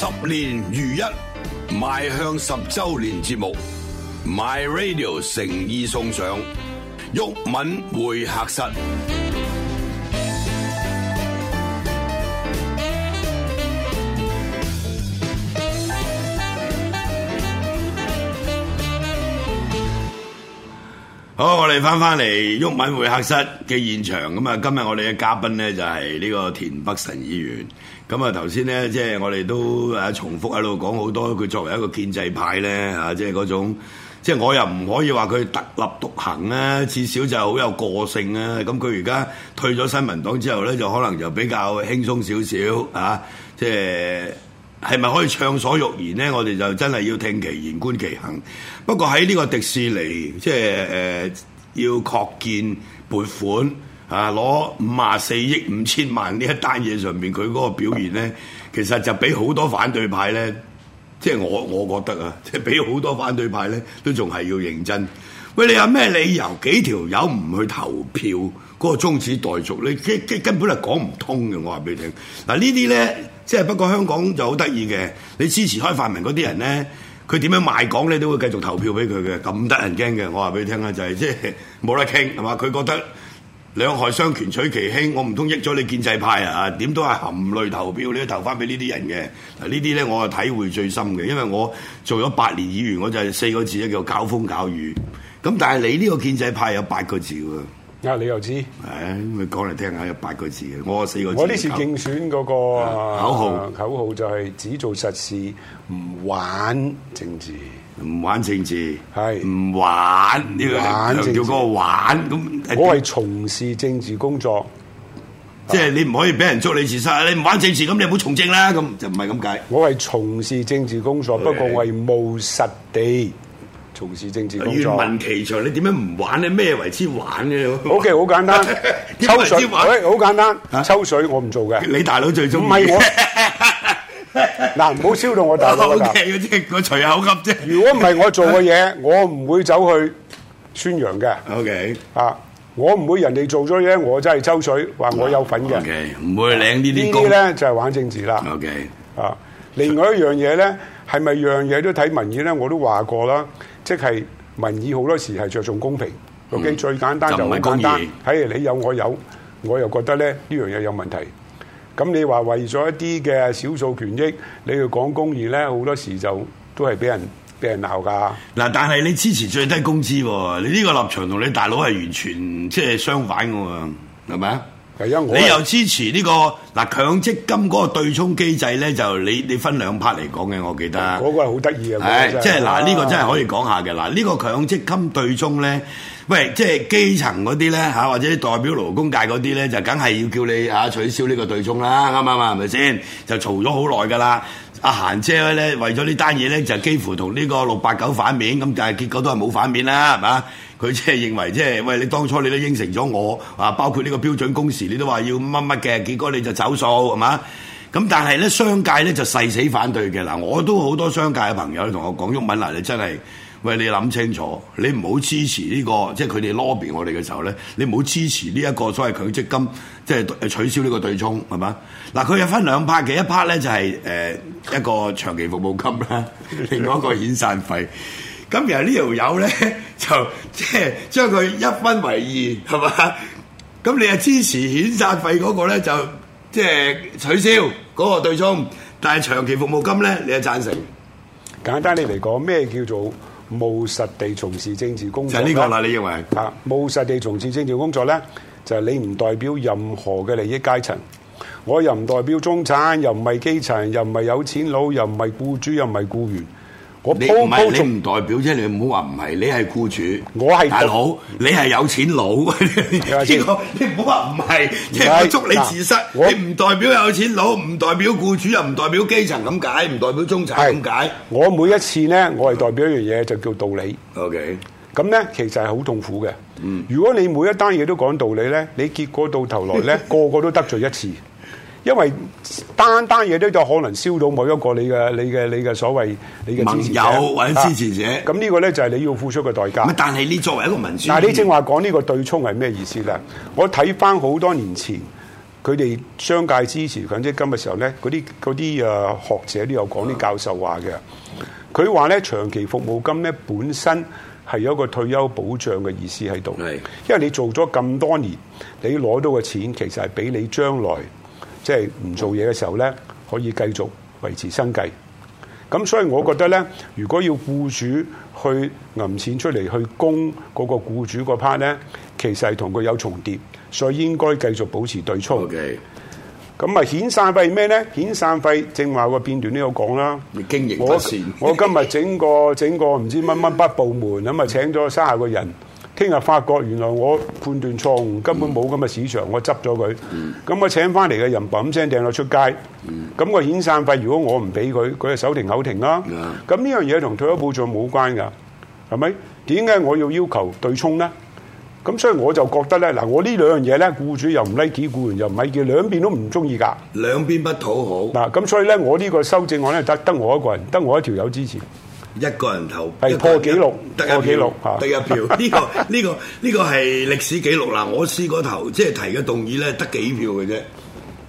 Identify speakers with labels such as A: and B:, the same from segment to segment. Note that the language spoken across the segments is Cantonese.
A: 十年如一，邁向十周年節目，My Radio 誠意送上，毓民會客室。好，我哋翻翻嚟毓民會客室嘅現場咁啊！今日我哋嘅嘉賓咧就係呢個田北辰議員。咁啊，頭先咧即係我哋都誒重複喺度講好多，佢作為一個建制派咧啊，即係嗰種，即係我又唔可以話佢特立獨行啦，至少就好有個性啦。咁佢而家退咗新民黨之後咧，就可能就比較輕鬆少少啊，即係。係咪可以暢所欲言呢？我哋就真係要聽其言觀其行。不過喺呢個迪士尼，即係誒、呃、要擴建撥款啊，攞五啊五十四億五千萬呢一單嘢上面，佢嗰個表現呢，其實就俾好多反對派呢，即係我我覺得啊，即係俾好多反對派呢，都仲係要認真。喂，你有咩理由幾條友唔去投票嗰個中止待續咧？你根本係講唔通嘅。我話俾你聽，嗱呢啲呢。即係不過香港就好得意嘅，你支持開泛民嗰啲人咧，佢點樣賣港咧，都會繼續投票俾佢嘅，咁得人驚嘅。我話俾你聽啦，就係、是、即係冇得傾係嘛，佢覺得兩害相權取其輕，我唔通益咗你建制派啊？點都係含淚投票，你都投翻俾呢啲人嘅。嗱呢啲咧我係體會最深嘅，因為我做咗八年議員，我就係四個字咧叫做搞風搞雨。咁但係你呢個建制派有八個字
B: 喎。啊，你又知？係咁、啊，你講嚟聽下，有八個字嘅，我四個字。我呢次競選嗰、那個、啊、口號，口號就係只做實事，唔玩，治玩政治，唔是玩，玩政治，係唔玩呢個，唔叫嗰個玩。咁我係從事政治工作，啊、即係你唔可以俾人捉你自殺。你唔玩政治，咁你唔好從政啦。咁就唔係咁解。我係從事政治工作，是不過我係務實地。從事政治工作，願聞其詳，你點樣唔玩咧？咩為之玩咧？O K，好簡單，抽水，喂，好簡單，抽水我唔做嘅。你大佬最唔係我。嗱，唔好燒到我大佬㗎。嗰啲嗰啲隨口噏啫。如果唔係我做嘅嘢，我唔會走去宣揚嘅。O K，啊，我唔會人哋做咗嘢，我真係抽水，話我有份嘅，
A: 唔會領呢啲。呢啲咧
B: 就係玩政治啦。O K，啊，另外一樣嘢咧，係咪樣嘢都睇民意咧？我都話過啦。即係民意好多時係着重公平，究竟，嗯、最簡單就唔簡單，係，哎、你有我有，我又覺得咧呢樣嘢有問題。咁你話為咗一啲嘅少數權益，你去講公義咧，好多時就都係俾人俾人鬧噶。
A: 嗱、嗯，但係你支持最低工資喎，你呢個立場同你大佬係完全即係相反嘅喎，係咪啊？你又支持呢、呢個嗱、呃、強積金嗰個對沖機制咧，就你你分兩 part 嚟講嘅，我記得嗰
B: 個係好得意啊！即係嗱，呢個真係可以
A: 講下嘅嗱，呢、啊、個強積金對沖咧，喂，即係基層嗰啲咧嚇，或者代表勞工界嗰啲咧，就梗係要叫你啊取消呢個對沖啦，啱唔啱啊？係咪先？就嘈咗好耐噶啦，阿嫻姐咧，為咗呢單嘢咧，就幾乎同呢個六八九反面咁，但係結果都係冇反面啦，係嘛？佢即係認為，即係喂你當初你都應承咗我啊，包括呢個標準工時，你都話要乜乜嘅，結果你就走數係嘛？咁但係咧，商界咧就誓死反對嘅嗱，我都好多商界嘅朋友同我講文，毓民嗱你真係喂，你諗清楚，你唔好支持呢、呢個，即係佢哋 lobby 我哋嘅時候咧，你唔好支持呢、呢、一個所謂強積金，即係取消呢個對沖係嘛？嗱，佢有分兩 part 嘅，一 part 咧就係、係、誒、呃、一個長期服務金啦，另外一個遣散費。 咁而係呢條友咧，就即係將佢一分為二，係嘛？咁你啊支持遣散費嗰個咧，就即係取
B: 消嗰個對沖，但係長期服務金咧，你係贊成？簡單啲嚟講，咩叫做務實地從事政治工作？就係呢個啦，你認為？啊，務實地從事政治工作咧，就係、是、你唔代表任何嘅利益階層，我又唔代表中產，又唔係基層，又唔係有錢佬，又唔係僱主，又唔係僱，僱員。你唔係，你唔
A: 代表啫，你唔好話唔係，你係僱主，我係大佬，你係有錢佬，呢個你唔好話唔係，我捉你字蝨，你唔代表有錢佬，唔代表僱主，又唔代表基層咁解，唔代表中層咁解。
B: 我每一次咧，我係代表一樣嘢，就叫道理。OK，咁咧，其實係好痛苦嘅。嗯，如果你每一單嘢都講道理咧，你結果到頭來咧，個個都得罪一次。因為單單嘢都有可能燒到某一個你嘅你嘅你嘅所謂你嘅盟友或者支持者，咁呢、啊、個咧就係你要付出嘅代價。
A: 但係你作為一個民主，主義，嗱你正
B: 話講呢個對沖係咩意思咧？我睇返好多年前佢哋商界支持，甚至今日時候咧，嗰啲啲誒學者都有講啲教授話嘅。佢話咧，長期服務金咧本身係有個退休保障嘅意思喺度，係因為你做咗咁多年，你攞到嘅錢其實係俾你將來。即係唔做嘢嘅時候咧，可以繼續維持生計。咁所以我覺得咧，如果要僱主去揞錢出嚟去供嗰個僱主個 part 咧，其實係同佢有重疊，所以應該繼續保持對沖。咁啊 Okay.，遣散費咩咧？遣散費正話個片段都有講啦。你經營不善我，我今日整個整個唔知乜乜不部門咁啊， 請咗三十個人。聽日發覺原來我判斷錯誤，根本冇咁嘅市場，嗯、我執咗佢。咁、嗯、我請翻嚟嘅人，唔噏聲掟落出街。咁、嗯、個遣散費，如果我唔俾佢，佢就手停口停啦、啊。咁呢、嗯、樣嘢同退休保障冇關㗎，係咪？點解我要要求對沖咧？咁所以我就覺得咧，嗱，我呢兩樣嘢咧，僱主又唔 like 嘅，僱員又唔 like 嘅，兩邊都唔中意㗎，兩邊不討好。嗱、啊，咁所以咧，我呢個修正案咧，得得我一個人，得我一條友支持。一個人投，破紀錄，破紀錄得一票。呢個呢個呢個係歷
A: 史紀錄嗱、啊，我試過投即係提嘅動議咧，得幾票嘅啫。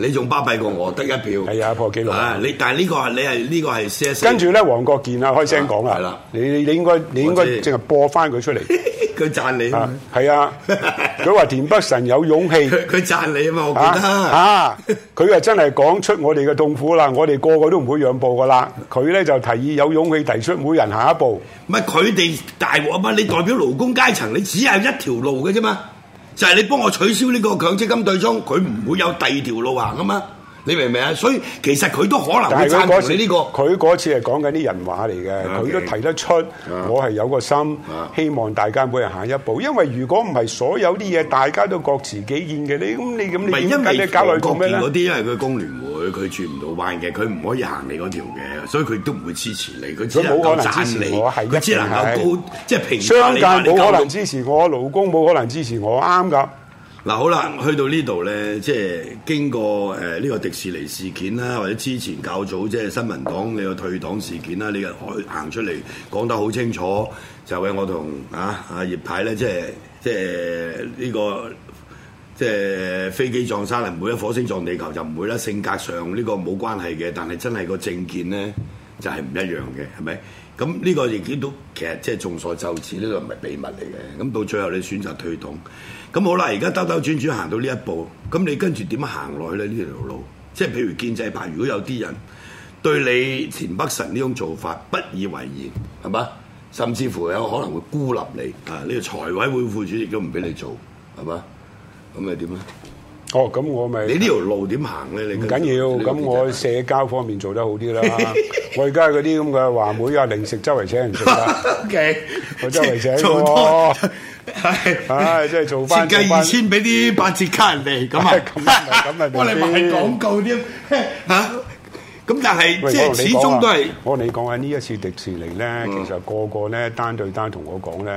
A: 你仲巴閉過
B: 我得一票？係啊，破紀錄啊！你但係、這個這個、呢個係你係呢個係 CS。跟住咧，黃國健啊，開聲講啊。係啦，你你你應該你應該淨係播翻佢出嚟。佢 讚你。係啊，佢話 田北辰有勇氣。佢佢 讚你啊嘛，我記得啊。啊，佢話真係講出我哋嘅痛苦啦，我哋個個都唔會讓步噶啦。佢咧就提議有勇氣提出每人行一步。
A: 唔係佢哋大鑊啊嘛，你代表勞工階層，你只係一條路嘅啫嘛。就係你幫我取消呢個強積金對沖，佢唔會有第二條路行㗎嘛。你明唔明啊？所以其實佢都可能但撐住你呢
B: 個。佢嗰次係講緊啲人話嚟嘅，佢都提得出。我係有個心，希望大家每人行一步。因為如果唔係，所有啲嘢大家都各持己見嘅。你咁，你咁，你唔係因為你搞來做咩嗰啲，
A: 因為佢工聯會，佢轉唔到彎嘅，佢唔可以行你嗰條嘅，所以佢都唔會支持你。佢冇可能支持你。佢只能夠高即係評價你。商界冇可能
B: 支持我，勞工冇可能支持我，啱噶。
A: 嗱好啦，去到呢度呢，即係經過誒呢、呃這個迪士尼事件啦，或者之前較早即係新民黨你、這個退黨事件啦，你又行出嚟講得好清楚，就喺、是、我同啊啊葉太呢，即係即係呢、呃這個即係飛機撞山唔會，火星撞地球就唔會啦，性格上呢個冇關係嘅，但係真係個政見呢。就係唔一樣嘅，係咪？咁呢個亦見到其實即係眾所周知，呢個唔係秘密嚟嘅。咁到最後你選擇退黨，咁好啦。而家兜兜轉轉行到呢一步，咁你跟住點樣行落去咧？呢條路，即係譬如建制派，如果有啲人對你田北辰呢種做法不以為然，係嘛？甚至乎有可能會孤立你啊！呢個財委會副主席都唔俾你做，係嘛？咁咪點咧？
B: 哦，咁、oh, 我咪你呢條路點行咧？你唔緊要，咁我社交方面做得好啲啦、啊。我而家嗰啲咁嘅話會啊，零食周圍請人食啊。o、okay. 我周圍請喎。係，唉，真係做翻設計二
A: 千俾啲八折卡人哋咁啊。咁咁啊，幫你賣廣告添嚇。 uh 咁但係即係始終都係，
B: 我話你講啊！呢一次迪士尼咧，嗯、其實個個咧，單對單同我講咧，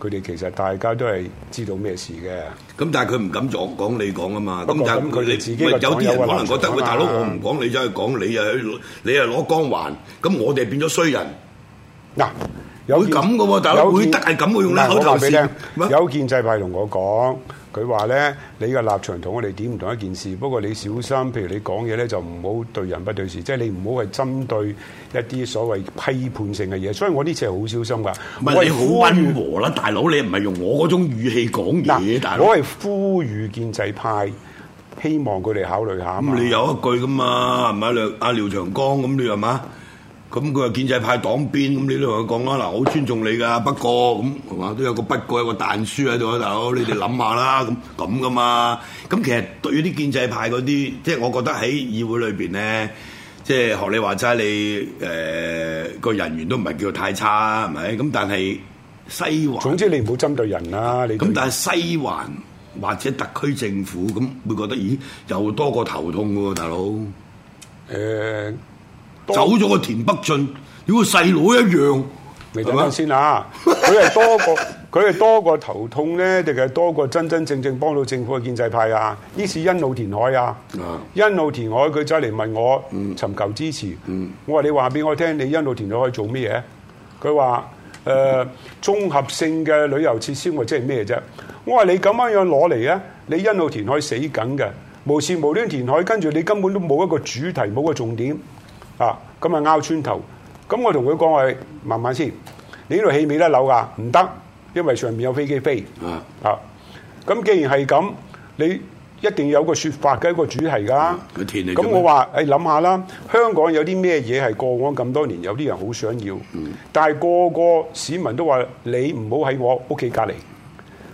B: 佢哋其實大家都係知道咩事嘅。咁、嗯、但係佢唔敢講，講你講啊嘛。咁但係咁佢哋，自己有啲人可能覺得，喂大佬，我唔
A: 講你走去講你啊，你啊攞，你又你又、光環，咁我哋變咗衰人嗱。
B: 有咁嘅喎，大佬，件會得大咁嘅用啦，好特別嘅。麼有建制派同我講，佢話咧，你嘅立場同我哋點唔同一件事。不過你小心，譬如你講嘢咧，就唔好對人不對事，即係你唔好係針對一啲所謂批判性嘅嘢。所以我呢次係好小心㗎。喂是，好溫和啦，是和啦大佬哥，你唔係用我嗰種語氣講嘢，喊大佬哥。我係呼籲建制派，希望佢哋考慮下。咁你有
A: 一句㗎嘛，係咪阿廖長江咁你係嘛？咁佢話建制派黨鞭，咁你都同佢講啦。嗱，好尊重你噶，不過咁係嘛，都有個不過，有個彈書喺度啊，大佬，你哋諗下啦，咁咁噶嘛。咁其實對於啲建制派嗰啲，即係我覺得喺議會裏邊咧，即係學你話齋，你誒個、呃、人員都唔係叫太差，係咪？咁但係西環，總之你唔好針對人啦。你咁但係西環或者特區政府咁會覺得，咦，又多個頭痛喎，大佬。誒、呃。走咗個田北俊，如果細佬一樣，
B: 你等陣先啊！佢係多過，佢係 多過頭痛咧，定係多過真真正正幫到政府嘅建制派啊？呢次欣澳填海啊，欣澳、啊、填海佢走嚟問我尋、嗯、求支持，嗯嗯、我話你話俾我聽，你欣澳填海可以做咩嘢？佢話誒，綜、呃、合性嘅旅遊設施，或者係咩啫？我話你咁樣樣攞嚟啊，你欣澳填海死梗嘅，無緣無端填海，跟住你根本都冇一個主題，冇個重點。啊，咁咪拗穿頭，咁我同佢講：我慢慢先，你呢度起未得樓噶，唔得，因為上面有飛機飛。啊咁、啊、既然係咁，你一定要有個説法嘅一個主題㗎。
A: 佢咁、嗯、我話，
B: 誒、欸，諗下啦，香港有啲咩嘢係過往咁多年有啲人好想要，但係個個市民都話你唔好喺我屋企隔離。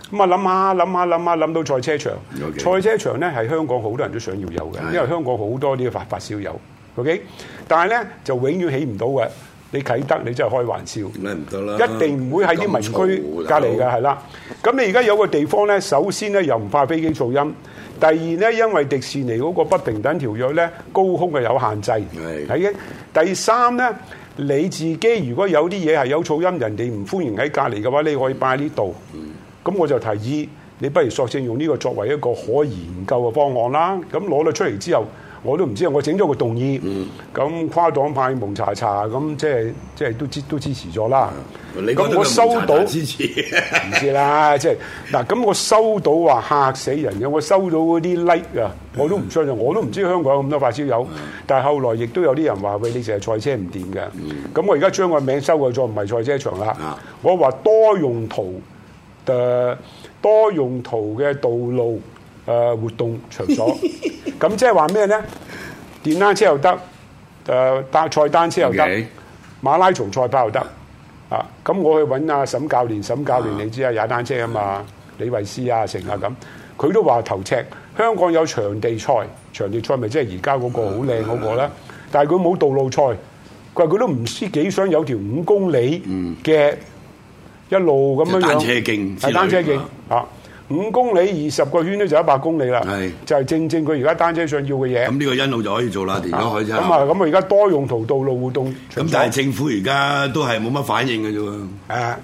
B: 咁啊，諗下諗下諗下諗到賽車場，Okay. 賽車場咧係香港好多人都想要有嘅，的因為香港好多呢個發發燒友。O.K.，但係咧就永遠起唔到嘅。你啟德你真係開玩笑，唔得啦，一定唔會喺啲民居隔離㗎係啦。咁你而家有個地方咧，首先咧又唔怕飛機噪音，第二咧因為迪士尼嗰個不平等條約咧高空係有限制，係係嘅。第三咧你自己如果有啲嘢係有噪音，人哋唔歡迎喺隔離嘅話，你可以擺喺呢度。咁、嗯、我就提議你不如索性用呢個作為一個可研究嘅方案啦。咁攞咗出嚟之後。我都唔知啊！我整咗個動議，咁跨黨派蒙查查咁，即係即係都支都支持咗啦。咁、嗯、我收到支
A: 持唔知
B: 啦，即係嗱，咁我收到話嚇死人嘅，我收到嗰啲 like 啊，我都唔相信，我都唔知香港有咁多發燒友。嗯、但係後來亦都有啲人話：喂，你成日賽車唔掂嘅。咁、嗯、我而家將個名修改咗，唔係賽車場啦。嗯、我話多用途嘅多用途嘅道路。誒、呃，活動場所，咁 即係話咩咧？電單車又得，誒、呃，搭賽單車又得，Okay. 馬拉松賽跑又得，啊！咁我去搵阿、啊、沈教練，沈教練你知啊，踩單車啊嘛，李慧詩啊，成啊咁，佢都話頭赤。香港有場地賽，場地賽咪即係而家嗰個好靚嗰個啦。 但係佢冇道路賽，佢話佢都唔知幾想有條五公里嘅一路咁樣樣。嗯、單車徑，踩單車徑啊！五公里二十個圈咧就一百公里啦，是就係正正佢而家單車上要嘅嘢。咁呢、嗯這個欣路就可以做啦，填咗海沙。咁啊、嗯，咁、嗯、啊，而、嗯、家、嗯、多用途道路活動。咁、嗯、但係政府而家都係冇乜反應嘅啫喎。啊、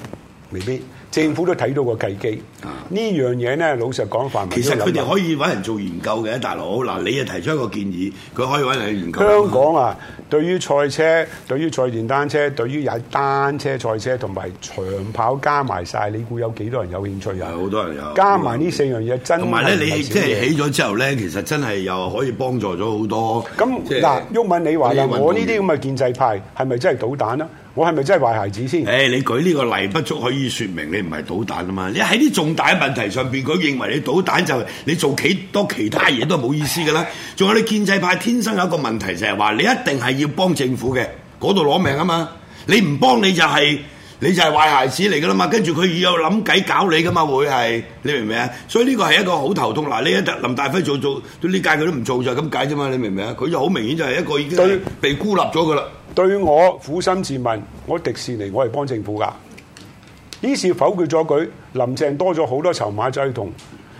B: 未必。政府都睇到個契機，呢樣嘢咧老實講，其實佢哋可以揾人做研究嘅，大佬嗱，你又提出一個建議，佢可以揾人去研究。香港啊，對於賽車、對於賽電單車、對於踩單車、賽車同埋長跑加埋晒，你估有幾多人有興趣啊？好多人有。加埋呢四樣嘢真係同埋咧，你即係起
A: 咗之後咧，其實真係又可以幫助咗好多。咁嗱，毓
B: 民你話啦，我呢啲咁嘅建制派係咪真係搗蛋啊？我係咪真係壞孩子先？
A: 誒，你舉呢個例不足可以説明你。唔係搗蛋啊嘛！你喺啲重大嘅問題上邊，佢認為你搗蛋就係、是、你做幾多其他嘢都冇意思噶啦。仲有你建制派天生有一個問題，就係、是、話你一定係要幫政府嘅嗰度攞命啊嘛！你唔幫你就係、是、你就係壞孩子嚟噶啦嘛！跟住佢要有諗計搞你噶嘛，會係你明唔明啊？所以呢個係一個好頭痛。嗱，呢一林大輝做做呢屆佢都唔做就係咁解啫嘛，你明唔明啊？佢就好明顯
B: 就係一個已經被孤立咗噶啦。對，對我苦心自問，我迪士尼我係幫政府噶。呢次否決咗佢，林鄭多咗好多籌碼就係同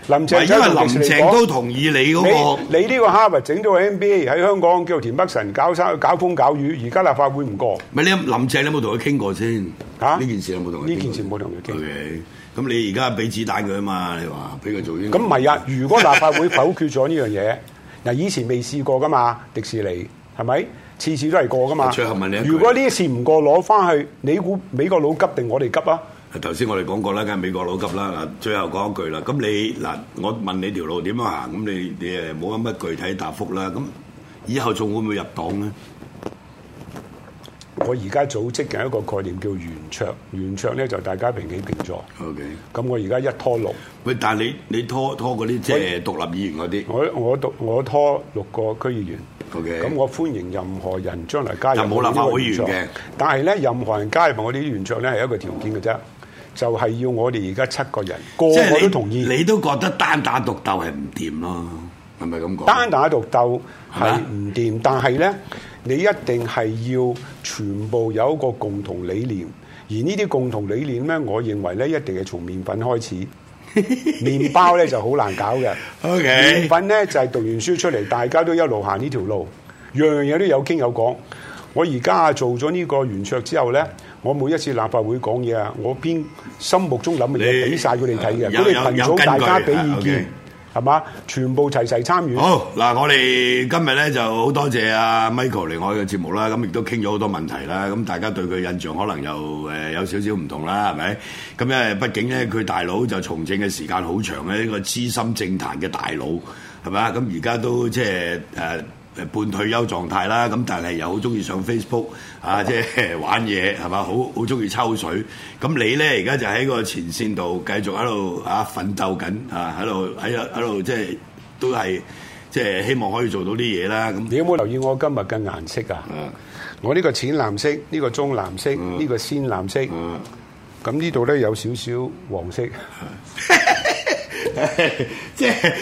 B: 林鄭，因為林鄭你都同意你嗰、那個，你呢個哈佛整咗個 NBA 喺香港，叫田北辰搞搞風搞雨，而家立法會唔過。
A: 唔係你林鄭，你有冇同佢傾過先？嚇
B: 呢、啊、件事有冇同？呢件事冇同佢傾。咁、okay. 你而家俾子彈佢啊嘛？你話俾佢做呢？咁唔係啊？如果立法會否決咗呢樣嘢，嗱 以前未試過噶嘛？迪士尼係咪次次都係過噶嘛？最後再問你一句，如果呢次唔過攞翻去，你估美國佬急定我哋急啊？
A: 頭先我哋講過啦，梗係美國佬急啦。嗱，最後講一句啦。咁你嗱，我問你條路點樣行？咁你你誒冇咁乜具體答覆啦。咁以後仲會
B: 唔會入黨咧？我而家組織嘅一個概念叫圓桌，圓桌咧就大家平起平坐。O K。咁我而家一拖六。喂，但係你你拖拖嗰啲誒獨立議員嗰啲，我我我拖六個區議員。O K。咁我歡迎任何人將來加入，冇立法會議員嘅。但係咧，任何人加入我啲圓桌咧，係一個條件嘅啫。就係要我哋而家七個人個個即係都同意，你都覺得單打獨鬥係唔掂咯？係咪咁講？單打獨鬥係唔掂，嗎但係咧，你一定係要全部有一個共同理念。而呢啲共同理念咧，我認為咧，一定係從麪粉開始。 麵包咧就好難搞嘅。麪 Okay. 粉咧就係、是、讀完書出嚟，大家都一路行呢條路，樣樣嘢都有傾有講。我而家做咗呢個圓桌之後咧。呢我每一次立法會講嘢啊，我邊心目中諗嘅嘢俾晒佢哋睇嘅。有你羣組大家俾意見，係嘛 okay.？全部齊齊參與。好
A: 嗱，我哋今日咧就好多謝阿 Michael 嚟我嘅節目啦。咁亦都傾咗好多問題啦。咁大家對佢印象可能又誒有少少唔同啦，係咪？咁因為畢竟咧，佢大佬就從政嘅時間好長咧，一個資深政壇嘅大佬係嘛？咁而家都即係誒。啊誒半退休狀態啦，咁但係又好中意上 Facebook 啊，即係玩嘢係嘛，好好中意抽水。咁你咧而家就喺個前線度繼續喺度啊奮鬥緊啊，喺度
B: 喺喺度即係都係即係希望可以做到啲嘢啦。咁你有冇留意我今日嘅顏色啊？我呢個淺藍色，呢個中藍色，呢個鮮藍色。咁呢度咧有少少黃色，即係。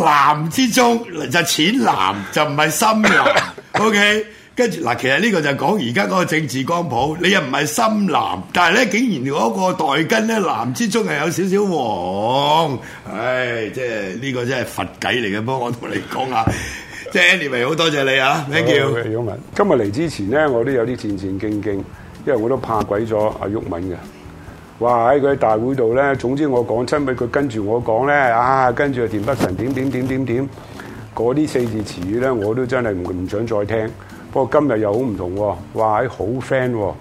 B: 藍之中就淺、是、藍，就唔係深藍。
A: OK，跟住嗱，其實呢個就講而家嗰個政治光譜，你又唔係深藍，但係咧竟然嗰個代根咧藍之中係有少少黃，唉，即係呢、這個真係佛偈嚟嘅，幫我同你講下。即係 Anyway 好多謝你啊！Thank
B: you. 今日嚟之前咧，我都有啲戰戰兢兢，因為我都怕鬼咗阿毓民㗎。哇！喺佢喺大會度咧，總之我講親佢，佢跟住我講咧，啊跟住啊田北辰點點點點點，嗰啲四字詞語咧，我都真係唔唔想再聽。不過今日又好唔同喎，哇！係好 friend，哦，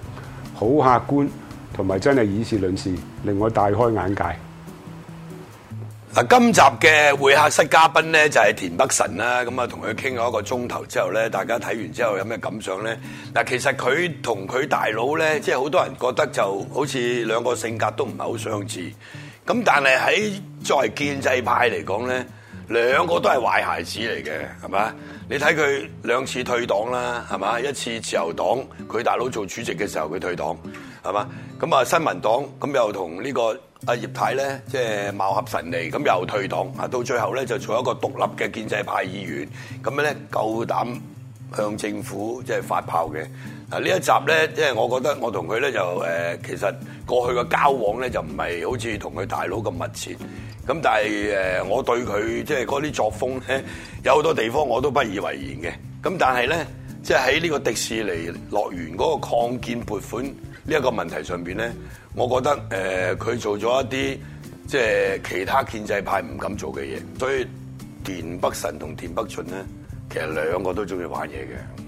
B: 好客觀，同埋真係以事論事，令我大開眼界。
A: 嗱，今集嘅會客室嘉賓咧就係田北辰啦，咁啊同佢傾咗一個鐘頭之後咧，大家睇完之後有咩感想咧？嗱，其實佢同佢大佬咧，即係好多人覺得就好似兩個性格都唔係好相似，咁但係喺作為建制派嚟講咧，兩個都係壞孩子嚟嘅，係嘛？你睇佢兩次退黨啦，係嘛？一次自由黨，佢大佬做主席嘅時候佢退黨。係嘛咁啊？新民黨咁又同呢個阿葉太咧，即係貌合神離，咁又退黨啊。到最後咧，就做一個獨立嘅建制派議員咁樣咧，夠膽向政府即係發炮嘅嗱。呢一集咧，即係我覺得我同佢咧就誒，其實過去嘅交往咧就唔係好似同佢大佬咁密切咁，但係誒，我對佢即係嗰啲作風咧有好多地方我都不以為然嘅。咁但係咧，即係喺呢個迪士尼樂園嗰個擴建撥款。呢一個問題上邊咧，我覺得誒佢、呃、做咗一啲即係其他建制派唔敢做嘅嘢，所以田北辰同田北俊咧，其實兩個都鍾意玩嘢嘅。